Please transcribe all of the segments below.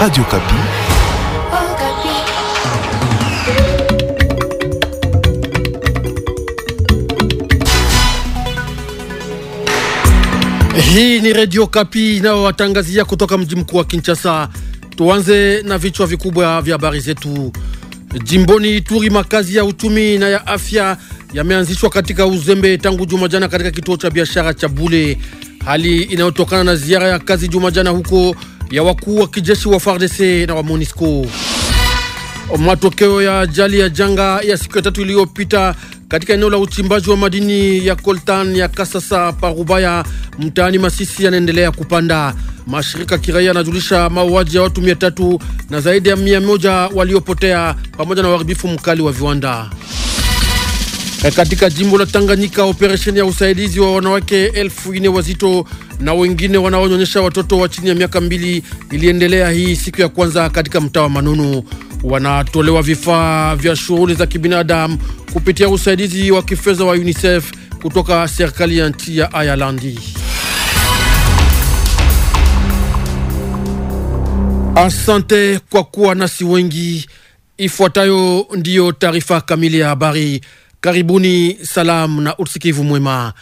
Radio Kapi. Hii ni Radio Kapi inayowatangazia kutoka mji mkuu wa Kinshasa. Tuanze na vichwa vikubwa vya habari zetu. Jimboni Ituri, makazi ya uchumi na ya afya yameanzishwa katika uzembe tangu Jumajana katika kituo cha biashara cha Bule, hali inayotokana na ziara ya kazi Jumajana huko ya wakuu wa kijeshi wa FARDC na wa MONUSCO. Matokeo ya ajali ya janga ya siku ya tatu iliyopita katika eneo la uchimbaji wa madini ya coltan ya Kasasa Parubaya mtaani Masisi yanaendelea kupanda. Mashirika kiraia yanajulisha mauaji ya watu mia tatu na zaidi ya mia moja waliopotea pamoja na uharibifu mkali wa viwanda. Katika jimbo la Tanganyika, operesheni ya usaidizi wa wanawake elfu ine wazito na wengine wanaonyonyesha watoto wa chini ya miaka mbili iliendelea hii siku ya kwanza katika mtaa wa Manunu. Wanatolewa vifaa vya shughuli za kibinadamu kupitia usaidizi wa kifedha wa UNICEF kutoka serikali ya nchi ya Ireland. Asante kwa kuwa nasi wengi. Ifuatayo ndiyo taarifa kamili ya habari. Karibuni, salamu na usikivu mwema.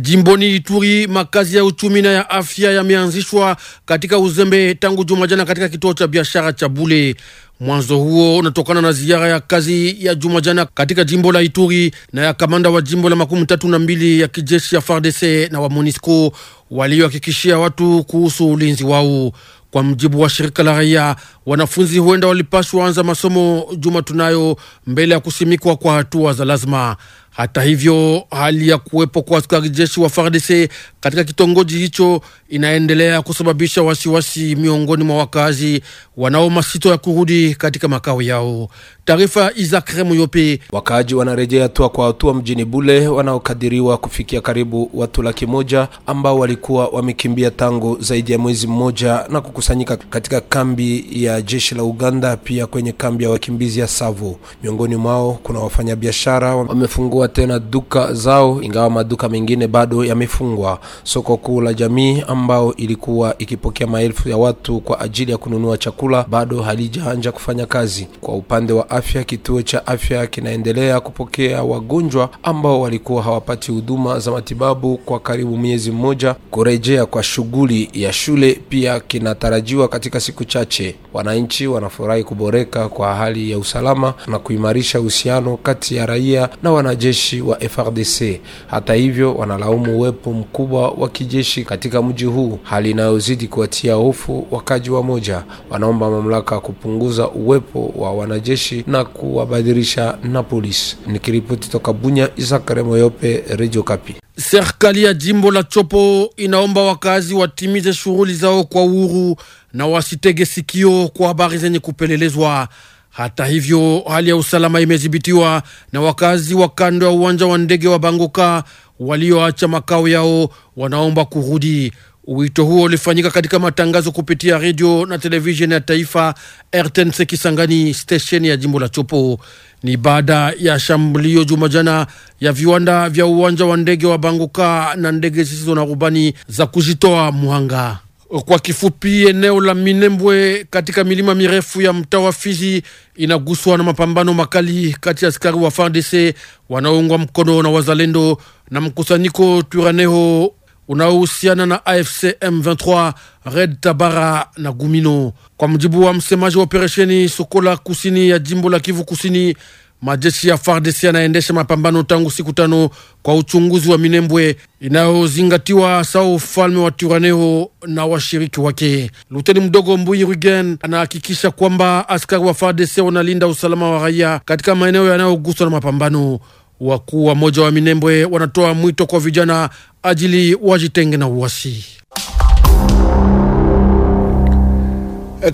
Jimboni Ituri, makazi ya uchumi na ya afya yameanzishwa katika uzembe tangu Jumajana katika kituo cha biashara cha Bule. Mwanzo huo unatokana na ziara ya kazi ya Jumajana katika jimbo la Ituri na ya kamanda wa jimbo la makumi tatu na mbili ya kijeshi ya FARDC na wa MONUSCO waliohakikishia watu kuhusu ulinzi wao. Kwa mjibu wa shirika la raia, wanafunzi huenda walipashwa anza masomo juma tunayo mbele ya kusimikwa kwa hatua za lazima. Hata hivyo, hali ya kuwepo kwa askari jeshi wa FARDC katika kitongoji hicho inaendelea kusababisha wasiwasi miongoni mwa wakazi wanao masito ya kurudi katika makao yao. Taarifa Isaac Remuyope. Wakaaji wanarejea hatua kwa hatua mjini Bule, wanaokadiriwa kufikia karibu watu laki moja ambao walikuwa wamekimbia tangu zaidi ya mwezi mmoja na kukusanyika katika kambi ya jeshi la Uganda, pia kwenye kambi ya wakimbizi ya Savo. Miongoni mwao kuna wafanyabiashara wamefungua tena duka zao, ingawa maduka mengine bado yamefungwa. Soko kuu la jamii ambao ilikuwa ikipokea maelfu ya watu kwa ajili ya kununua chakula bado halijaanja kufanya kazi. Kwa upande wa afya. Kituo cha afya kinaendelea kupokea wagonjwa ambao walikuwa hawapati huduma za matibabu kwa karibu miezi mmoja. Kurejea kwa shughuli ya shule pia kinatarajiwa katika siku chache. Wananchi wanafurahi kuboreka kwa hali ya usalama na kuimarisha uhusiano kati ya raia na wanajeshi wa frdc Hata hivyo, wanalaumu uwepo mkubwa wa kijeshi katika mji huu, hali inayozidi kuwatia hofu wakaji wa moja. Wanaomba mamlaka kupunguza uwepo wa wanajeshi na kuwabadilisha na polisi. Nikiripoti toka Bunya, Isakare Moyope, Radio Kapi. Serikali ya jimbo la Chopo inaomba wakazi watimize shughuli zao kwa uhuru na wasitege sikio kwa habari zenye kupelelezwa. Hata hivyo, hali ya usalama imedhibitiwa na wakazi wa kando ya uwanja wa ndege wa Bangoka walioacha makao yao wanaomba kurudi. Wito huo ulifanyika katika matangazo kupitia redio na televisheni ya taifa RTNC Kisangani, stesheni ya jimbo la Chopo. Ni baada ya shambulio Jumajana ya viwanda vya uwanja wa ndege wa Banguka na ndege zisizo na rubani za kujitoa muhanga. Kwa kifupi, eneo la Minembwe katika milima mirefu ya mtaa wa Fizi inaguswa na mapambano makali kati ya askari wa FARDC wanaoungwa mkono na wazalendo na mkusanyiko turaneho unaohusiana na AFC M23 Red Tabara na Gumino. Kwa mujibu wa msemaji wa operesheni Sokola kusini ya jimbo la Kivu Kusini, majeshi ya FARDC yanaendesha mapambano tangu siku tano kwa uchunguzi wa Minembwe inayozingatiwa sawa ufalme wa turaneho na washiriki wake. Luteni mdogo Mbui Rugen anahakikisha kwamba askari wa FARDC wanalinda usalama wa raia katika maeneo yanayoguswa na mapambano. Wakuu wa moja wa Minembwe wanatoa mwito kwa vijana ajili wajitenge na uasi.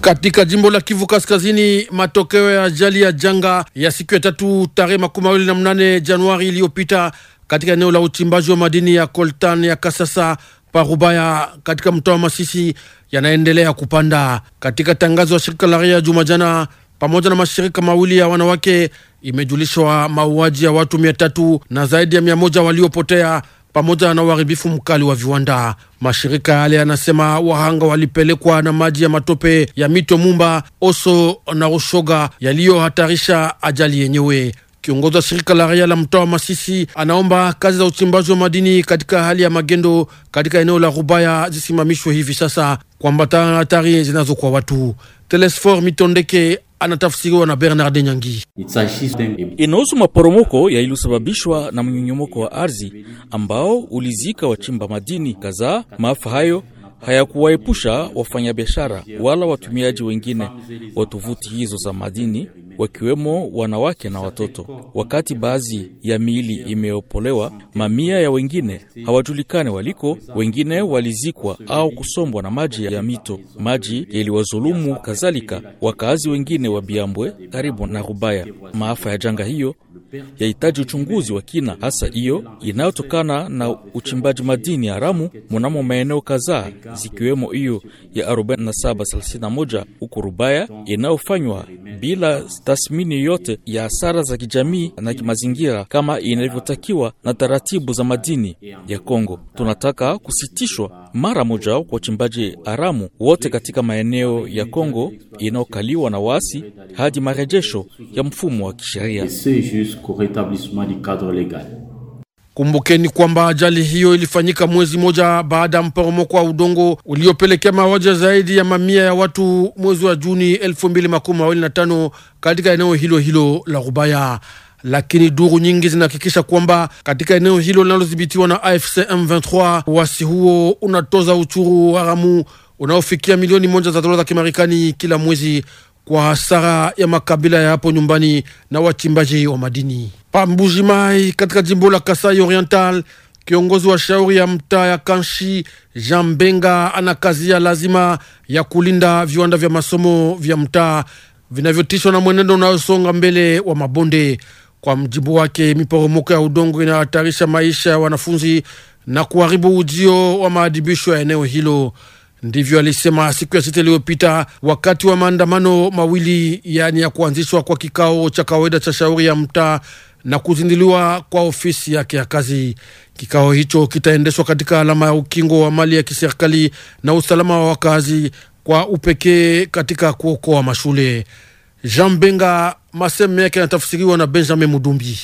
Katika jimbo la Kivu Kaskazini, matokeo ya ajali ya janga ya siku ya tatu tarehe makumi mawili na mnane Januari iliyopita katika eneo la uchimbaji wa madini ya coltan ya Kasasa Parubaya katika mtaa wa Masisi yanaendelea kupanda. Katika tangazo ya shirika la raia juma jana, pamoja na mashirika mawili ya wanawake imejulishwa mauaji ya watu mia tatu na zaidi ya mia moja waliopotea pamoja na uharibifu mkali wa viwanda. Mashirika yale yanasema wahanga walipelekwa na maji ya matope ya mito Mumba, Oso na Rushoga yaliyohatarisha ajali yenyewe. Kiongozi wa shirika la raia la mtaa wa Masisi anaomba kazi za uchimbaji wa madini katika hali ya magendo katika eneo la Rubaya zisimamishwe hivi sasa, kuambatana na hatari zinazokuwa watu. Telesfor Mitondeke anatafsiriwa na Bernard Nyangi. Inahusu maporomoko yaliyosababishwa na mnyonyomoko wa ardhi ambao ulizika wachimba madini kadhaa. Maafa hayo hayakuwaepusha wafanyabiashara wala watumiaji wengine wa tovuti hizo za madini wakiwemo wanawake na watoto. Wakati baadhi ya miili imeopolewa, mamia ya wengine hawajulikani waliko. Wengine walizikwa au kusombwa na maji ya mito. Maji yaliwazulumu kadhalika wakazi wengine wa Biambwe karibu na Rubaya. Maafa ya janga hiyo yahitaji uchunguzi wa kina, hasa hiyo inayotokana na uchimbaji madini haramu mnamo maeneo kadhaa, zikiwemo hiyo ya 4731 huko Rubaya inayofanywa bila tathmini yoyote ya hasara za kijamii na kimazingira kama inavyotakiwa na taratibu za madini ya Kongo. Tunataka kusitishwa mara moja kwa uchimbaji haramu wote katika maeneo ya Kongo inayokaliwa na waasi hadi marejesho ya mfumo wa kisheria jusqu'au rétablissement du cadre légal. Kumbukeni kwamba ajali hiyo ilifanyika mwezi moja baada ya mporomoko wa udongo uliopelekea mauaji zaidi ya mamia ya watu mwezi wa Juni 2025 katika eneo hilo hilo la Rubaya lakini duru nyingi zinahakikisha kwamba katika eneo hilo linalodhibitiwa na AFC M23 uasi huo unatoza uchuru haramu unaofikia milioni moja za dola za Kimarekani kila mwezi kwa hasara ya makabila ya hapo nyumbani na wachimbaji wa madini Pambujimai katika jimbo la Kasai Oriental. Kiongozi wa shauri ya mtaa ya Kanshi Jean Benga ana kazi ya lazima ya kulinda viwanda vya masomo vya mtaa vinavyotishwa na mwenendo unayosonga mbele wa mabonde. Kwa mjibu wake, miporomoko ya udongo inahatarisha maisha ya wanafunzi na kuharibu ujio wa maadibisho ya eneo hilo. Ndivyo alisema siku ya sita iliyopita wakati wa maandamano mawili, yaani ya kuanzishwa kwa kikao cha kawaida cha shauri ya mtaa na kuzinduliwa kwa ofisi yake ya kazi. Kikao hicho kitaendeshwa katika alama ya ukingo wa mali ya kiserikali na usalama wa wakazi, kwa upekee katika kuokoa mashule. Jean Benga, maseme yake yanatafsiriwa na Benjamin Mudumbi.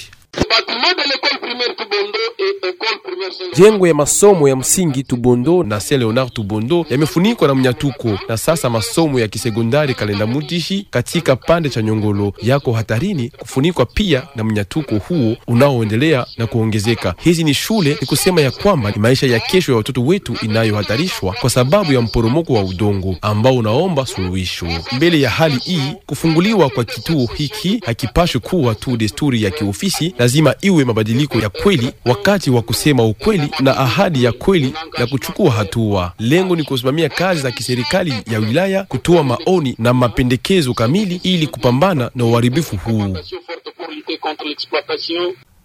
Jengo ya masomo ya msingi Tubondo na Saint Leonard Tubondo yamefunikwa na mnyatuko, na sasa masomo ya kisekondari Kalenda Mutishi katika pande cha Nyongolo yako hatarini kufunikwa pia na mnyatuko huo unaoendelea na kuongezeka. Hizi ni shule, ni kusema ya kwamba ni maisha ya kesho ya watoto wetu inayohatarishwa kwa sababu ya mporomoko wa udongo ambao unaomba suluhisho. Mbele ya hali hii, kufunguliwa kwa kituo hiki hakipashwi kuwa tu desturi ya kiofisi, lazima iwe mabadiliko ya kweli wakati wa kusema ukweli na ahadi ya kweli na kuchukua hatua. Lengo ni kusimamia kazi za kiserikali ya wilaya, kutoa maoni na mapendekezo kamili ili kupambana na uharibifu huu.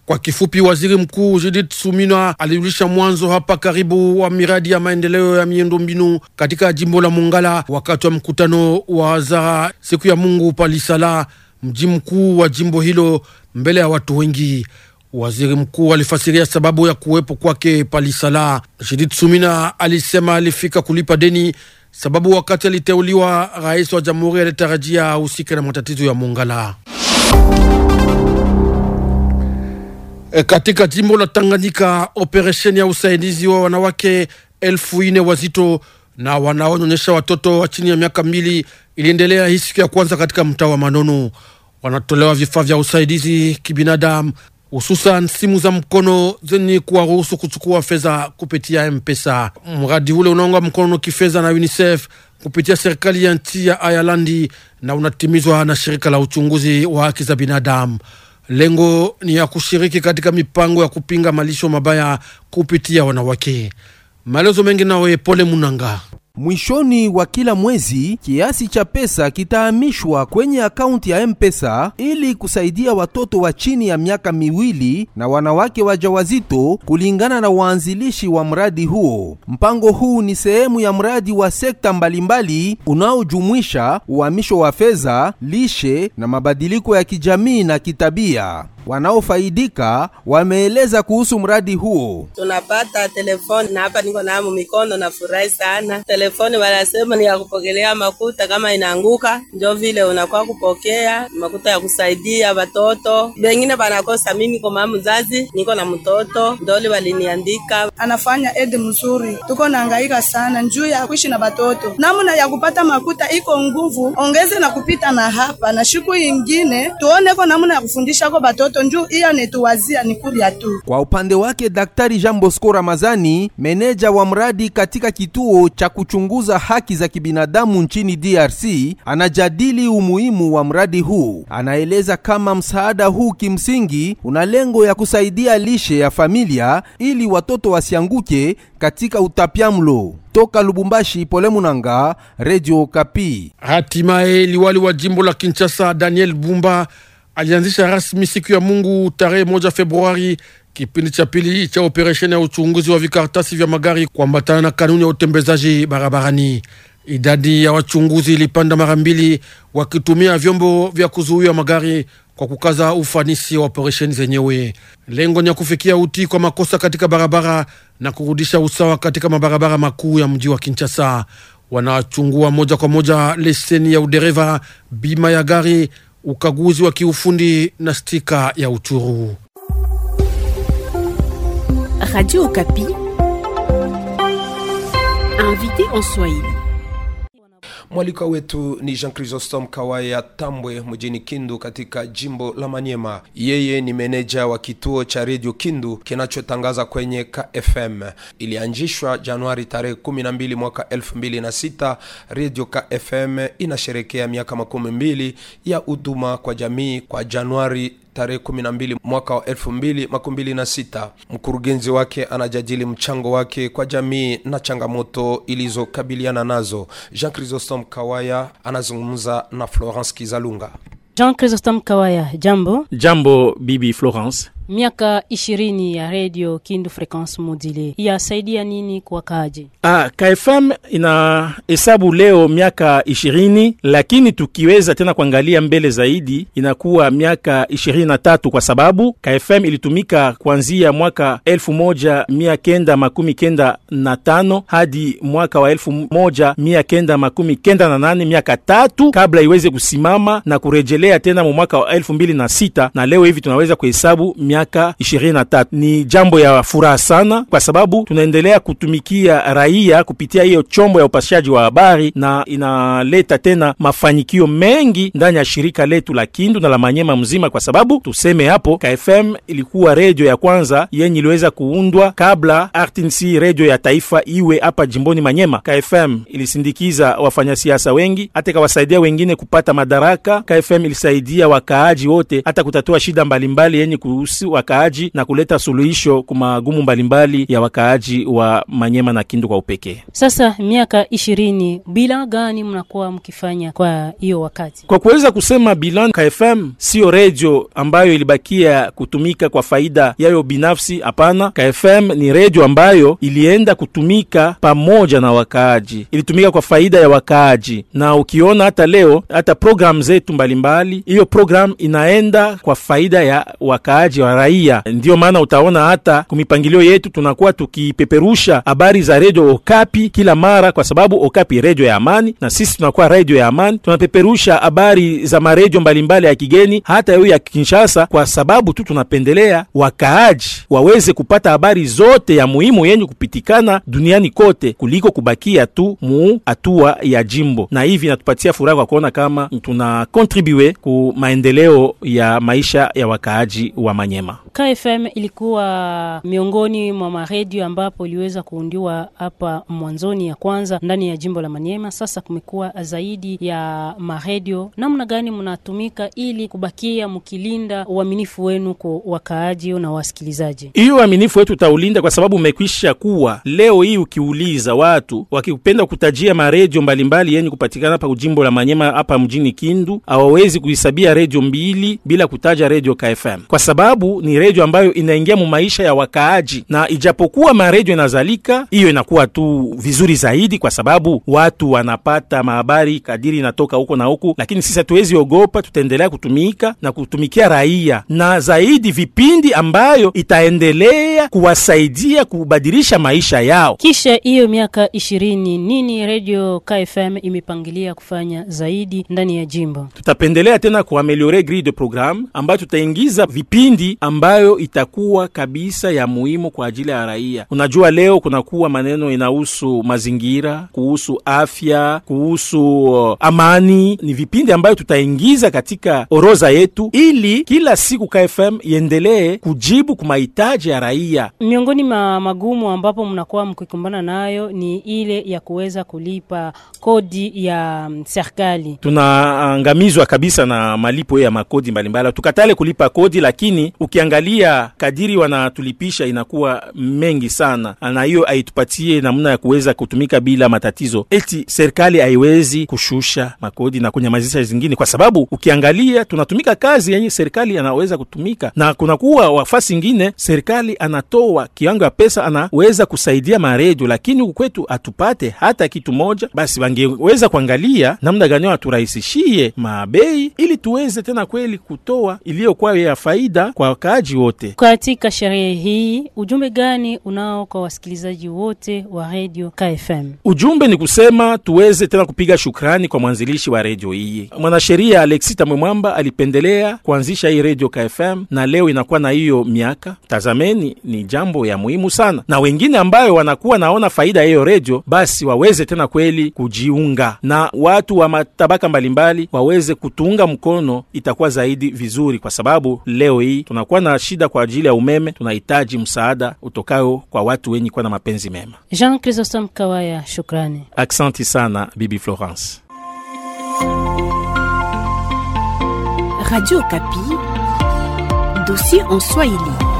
Kwa kifupi, waziri mkuu Judith Suminwa alijulisha mwanzo hapa karibu wa miradi ya maendeleo ya miundombinu katika jimbo la Mongala wakati wa mkutano wa hadhara siku ya Mungu Palisala, mji mkuu wa jimbo hilo, mbele ya watu wengi. Waziri mkuu alifasiria sababu ya kuwepo kwake Palisala. Judith Sumina alisema alifika kulipa deni sababu wakati aliteuliwa rais wa jamhuri alitarajia ahusike na matatizo ya Mongala. E, katika jimbo la Tanganyika operesheni ya usaidizi wa wanawake elfu ine wazito na wanaonyonyesha watoto wa chini ya miaka mbili iliendelea hii siku ya kwanza katika mtaa wa Manono. Wanatolewa vifaa vya usaidizi kibinadamu hususan simu za mkono zenye kuwaruhusu kuchukua fedha kupitia mpesa Mradi ule unaunga mkono kifedha na UNICEF kupitia serikali ya nchi ya Irelandi na unatimizwa na shirika la uchunguzi wa haki za binadamu. Lengo ni ya kushiriki katika mipango ya kupinga malisho mabaya kupitia wanawake. Maelezo mengi nawe Pole Munanga. Mwishoni wa kila mwezi kiasi cha pesa kitahamishwa kwenye akaunti ya M-Pesa ili kusaidia watoto wa chini ya miaka miwili na wanawake wajawazito kulingana na waanzilishi wa mradi huo. Mpango huu ni sehemu ya mradi wa sekta mbalimbali unaojumuisha uhamisho wa fedha, lishe na mabadiliko ya kijamii na kitabia. Wanaofaidika wameeleza kuhusu mradi huo. Tunapata telefoni na hapa niko nayo mikono, nafurahi sana. Telefoni wanasema ni ya kupokelea makuta, kama inaanguka njo vile unakuwa kupokea makuta ya kusaidia watoto wengine wanakosa. Mimi kwa mama mzazi, niko na mtoto ndoli, waliniandika anafanya edi mzuri. Tuko naangaika sana njuu ya kuishi na watoto, namna ya kupata makuta iko nguvu ongeze na kupita na hapa na shuku ingine tuone ko namna ya kufundisha ko watoto watoto njuu iya netuwazia ni kulya tu. Kwa upande wake Daktari Jean Bosco Ramazani, meneja wa mradi katika kituo cha kuchunguza haki za kibinadamu nchini DRC, anajadili umuhimu wa mradi huu. Anaeleza kama msaada huu kimsingi una lengo ya kusaidia lishe ya familia ili watoto wasianguke katika utapiamlo. Toka Lubumbashi, Pole Munanga, Radio Kapi. Hatimaye liwali wa jimbo la Kinshasa Daniel Bumba alianzisha rasmi siku ya Mungu tarehe moja Februari kipindi cha pili cha operesheni ya uchunguzi wa vikaratasi vya magari kuambatana na kanuni ya utembezaji barabarani. Idadi ya wachunguzi ilipanda mara mbili, wakitumia vyombo vya kuzuia magari kwa kukaza ufanisi wa operesheni zenyewe. Lengo ni ya kufikia utii kwa makosa katika barabara na kurudisha usawa katika mabarabara makuu ya mji wa Kinshasa. Wanachungua moja kwa moja leseni ya udereva, bima ya gari ukaguzi wa kiufundi na stika ya uchuru. Radio Okapi, invité en Swahili. Mwalika wetu ni Jean Chrysostom Kawaya Tambwe mjini Kindu katika jimbo la manyema Yeye ni meneja wa kituo cha redio Kindu kinachotangaza kwenye KFM. Ilianzishwa Januari tarehe 12 mwaka 2006. Redio KFM inasherekea miaka makumi mbili ya huduma kwa jamii kwa Januari tarehe 12 mwaka wa 2026. Mkurugenzi wake anajadili mchango wake kwa jamii na changamoto ilizokabiliana nazo. Jean Chrysostom Kawaya anazungumza na Florence Kizalunga. Jean Chrysostom Kawaya, jambo. Jambo bibi Florence. Miaka ishirini ya redio Kindu Frequence Modulée yasaidia nini kwa kaji? Ah, KFM ina hesabu leo miaka ishirini, lakini tukiweza tena kuangalia mbele zaidi inakuwa miaka ishirini na tatu kwa sababu KFM ilitumika kuanzia mwaka elfu moja mia kenda makumi kenda na tano hadi mwaka wa elfu moja mia kenda makumi kenda na nane miaka tatu kabla iweze kusimama na kurejelea tena mu mwaka wa elfu mbili na sita na leo hivi tunaweza kuhesabu miaka ishirini na tatu. Ni jambo ya furaha sana, kwa sababu tunaendelea kutumikia raia kupitia hiyo chombo ya upashaji wa habari, na inaleta tena mafanikio mengi ndani ya shirika letu la Kindu na la Manyema mzima, kwa sababu tuseme hapo KFM ilikuwa redio ya kwanza yenye iliweza kuundwa kabla RTNC redio ya taifa iwe hapa jimboni Manyema. KFM ilisindikiza wafanyasiasa wengi, hata ikawasaidia wengine kupata madaraka. KFM ilisaidia wakaaji wote hata kutatua shida mbalimbali yenye kuhusu kuwashawishi wakaaji na kuleta suluhisho kwa magumu mbalimbali ya wakaaji wa Manyema na Kindu kwa upekee. Sasa miaka ishirini, bila gani mnakuwa mkifanya kwa hiyo wakati? Kwa kuweza kusema bilan KFM siyo redio ambayo ilibakia kutumika kwa faida yayo binafsi, hapana. KFM ni redio ambayo ilienda kutumika pamoja na wakaaji, ilitumika kwa faida ya wakaaji, na ukiona hata leo hata programu zetu mbalimbali, hiyo programu inaenda kwa faida ya wakaaji wa raia. Ndiyo maana utaona hata kumipangilio yetu tunakuwa tukipeperusha habari za redio Okapi kila mara, kwa sababu Okapi redio ya amani na sisi tunakuwa redio ya amani. Tunapeperusha habari za maredio mbalimbali ya kigeni, hata hiyo ya Kinshasa, kwa sababu tu tunapendelea wakaaji waweze kupata habari zote ya muhimu yenye kupitikana duniani kote kuliko kubakia tu mu hatua ya jimbo, na hivi natupatia furaha kwa kuona kama tuna kontribue ku maendeleo ya maisha ya wakaaji wa Manyema mema. KFM ilikuwa miongoni mwa maredio ambapo iliweza kuundiwa hapa mwanzoni ya kwanza ndani ya jimbo la manyema Sasa kumekuwa zaidi ya maredio. Namna gani mnatumika ili kubakia mkilinda uaminifu wenu kwa wakaaji na wasikilizaji? Hiyo uaminifu wetu utaulinda kwa sababu umekwisha kuwa leo hii. Ukiuliza watu wakipenda kutajia maredio mbalimbali yenye kupatikana hapa jimbo la Manyema hapa mjini Kindu, hawawezi kuhisabia redio mbili bila kutaja redio KFM kwa sababu ni redio ambayo inaingia mu maisha ya wakaaji, na ijapokuwa maredio inazalika, hiyo inakuwa tu vizuri zaidi, kwa sababu watu wanapata mahabari kadiri inatoka huko na huku, lakini sisi hatuwezi ogopa, tutaendelea kutumika na kutumikia raia, na zaidi vipindi ambayo itaendelea kuwasaidia kubadilisha maisha yao. Kisha hiyo miaka ishirini, nini redio KFM imepangilia kufanya zaidi ndani ya jimbo? Tutapendelea tena kuameliore grille de ambayo tutaingiza vipindi ambayo itakuwa kabisa ya muhimu kwa ajili ya raia. Unajua, leo kunakuwa maneno inahusu mazingira, kuhusu afya, kuhusu uh, amani. Ni vipindi ambayo tutaingiza katika oroza yetu, ili kila siku KFM iendelee kujibu kwa mahitaji ya raia. Miongoni mwa magumu ambapo mnakuwa mkikumbana nayo ni ile ya kuweza kulipa kodi ya um, serikali. Tunaangamizwa kabisa na malipo ya makodi mbalimbali, tukatale kulipa kodi, lakini ukiangalia kadiri wanatulipisha inakuwa mengi sana, na hiyo haitupatie namna ya kuweza kutumika bila matatizo. Eti serikali haiwezi kushusha makodi na kunyamazisha zingine, kwa sababu ukiangalia tunatumika kazi yenye serikali anaweza kutumika, na kunakuwa wafasi ingine serikali anatoa kiwango ya pesa anaweza kusaidia maredio, lakini huku kwetu hatupate hata kitu moja. Basi wangeweza kuangalia namna gani waturahisishie mabei ili tuweze tena kweli kutoa iliyokuwa ya faida kwa wakaaji wote. Katika sherehe hii, ujumbe gani unao kwa wasikilizaji wote wa redio KFM? Ujumbe ni kusema tuweze tena kupiga shukrani kwa mwanzilishi wa redio hii, mwanasheria Alexi Tamwemwamba alipendelea kuanzisha hii redio KFM na leo inakuwa na hiyo miaka. Tazameni, ni jambo ya muhimu sana, na wengine ambayo wanakuwa naona faida ya hiyo redio, basi waweze tena kweli kujiunga na watu wa matabaka mbalimbali waweze kutuunga mkono, itakuwa zaidi vizuri, kwa sababu leo hii tuna tunakuwa na shida kwa ajili ya umeme, tunahitaji msaada utokao kwa watu wenye kuwa na mapenzi mema. Jean Chrysostom Kawaya, shukrani, aksanti sana Bibi Florence. Radio Kapi, dossier en Swahili.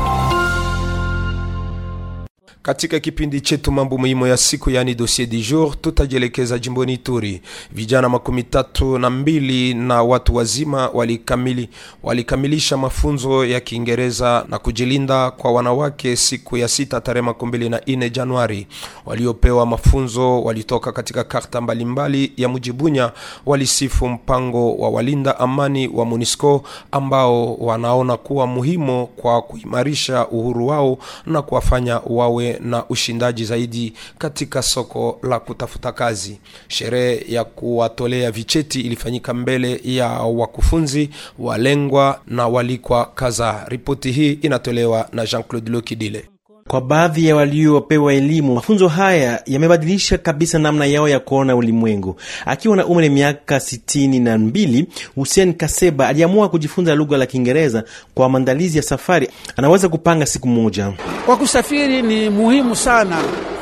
Katika kipindi chetu mambo muhimu ya siku, yani dossier du jour, tutajielekeza jimboni Ituri. Vijana makumi tatu na mbili na watu wazima walikamili, walikamilisha mafunzo ya Kiingereza na kujilinda kwa wanawake siku ya sita tarehe makumi mbili na nne Januari. Waliopewa mafunzo walitoka katika karta mbalimbali ya Mujibunya, walisifu mpango wa walinda amani wa MONUSCO ambao wanaona kuwa muhimu kwa kuimarisha uhuru wao na kuwafanya wawe na ushindaji zaidi katika soko la kutafuta kazi. Sherehe ya kuwatolea vicheti ilifanyika mbele ya wakufunzi, walengwa na walikwa kadhaa. Ripoti hii inatolewa na Jean-Claude Lokidile. Kwa baadhi ya waliopewa elimu, mafunzo haya yamebadilisha kabisa namna yao ya kuona ulimwengu. Akiwa na umri miaka sitini na mbili, Hussein Kaseba aliamua kujifunza lugha la Kiingereza kwa maandalizi ya safari. Anaweza kupanga siku moja kwa kusafiri. Ni muhimu sana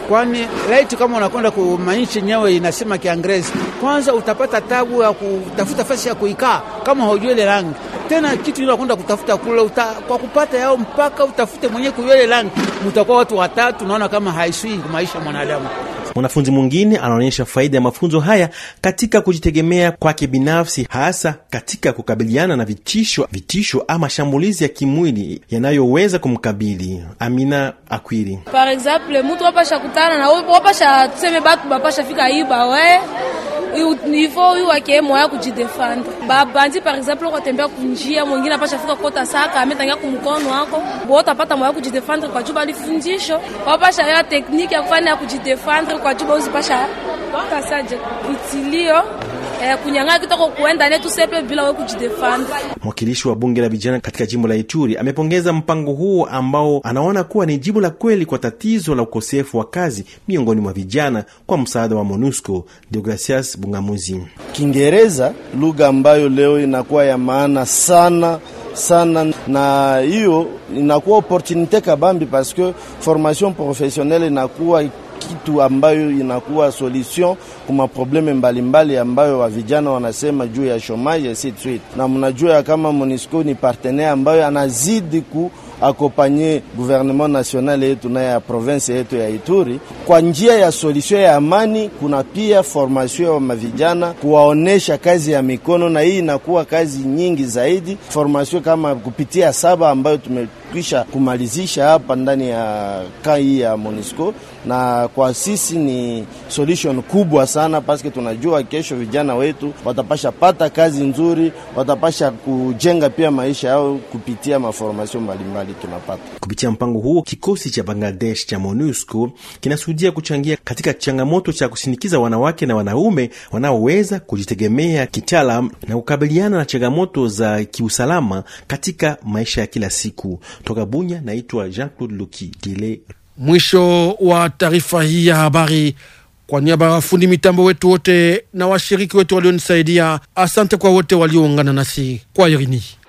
kwani laiti kama unakwenda kumanchi nyewe inasema Kiingereza, kwanza utapata tabu ya kutafuta fasi ya kuikaa kama haujui ile rangi tena kitu ile kwenda kutafuta kula uta, kwa kupata yao mpaka utafute mwenye kuyole langi, mutakuwa watu watatu. Naona kama haiswi maisha mwanadamu. Mwanafunzi mwingine anaonyesha faida ya mafunzo haya katika kujitegemea kwake binafsi, hasa katika kukabiliana na vitisho vitisho ama shambulizi ya kimwili yanayoweza kumkabili. Amina Akwiri: par exemple mtu wapasha kutana na wapasha tuseme batu bapasha fika iba we ivo huyu wakeemo ya babandi par exemple katembea kunjia mwingine apasha fika kota saka ametangia kumkono wako botapata moya kujidefendre kwa juba lifundisho wapasha ya tekniki ya kufanya ya kujidefandre kwa juba uzipasha kasaje vitilio Eh, kunyang'a kitoko kuenda netu sepe bila wewe kujidefend. Mwakilishi wa bunge la vijana katika jimbo la Ituri amepongeza mpango huo ambao anaona kuwa ni jibu la kweli kwa tatizo la ukosefu wa kazi miongoni mwa vijana kwa msaada wa MONUSCO. Deogracias Bungamuzi. Kiingereza lugha ambayo leo inakuwa ya maana sana sana na hiyo inakuwa opportunite kabambi parce que formation professionnelle inakuwa kitu ambayo inakuwa solution kuma probleme mbalimbali ambayo wa vijana wanasema juu ya shomaji, si na mnajua kama Monisco ni partenaire ambayo anazidi ku akompanye gouvernement national yetu na ya province yetu ya Ituri kwa njia ya solution ya amani. Kuna pia formation ya mavijana kuwaonesha kazi ya mikono, na hii inakuwa kazi nyingi zaidi, formation kama kupitia saba ambayo tumekwisha kumalizisha hapa ndani ya kai ya Monisco, na kwa sisi ni solution kubwa sana paske tunajua kesho vijana wetu watapasha pata kazi nzuri, watapasha kujenga pia maisha yao kupitia maformasio mbalimbali msaada tunapata kupitia mpango huo. Kikosi cha Bangladesh cha MONUSCO kinasudia kuchangia katika changamoto cha kusindikiza wanawake na wanaume wanaoweza kujitegemea kitaalam na kukabiliana na changamoto za kiusalama katika maisha ya kila siku. Toka Bunya, naitwa Jean-Claude Luki dile Mwisho wa taarifa hii ya habari. Kwa niaba ya wafundi mitambo wetu wote na washiriki wetu walionisaidia, asante kwa wote walioungana nasi kwa Irini.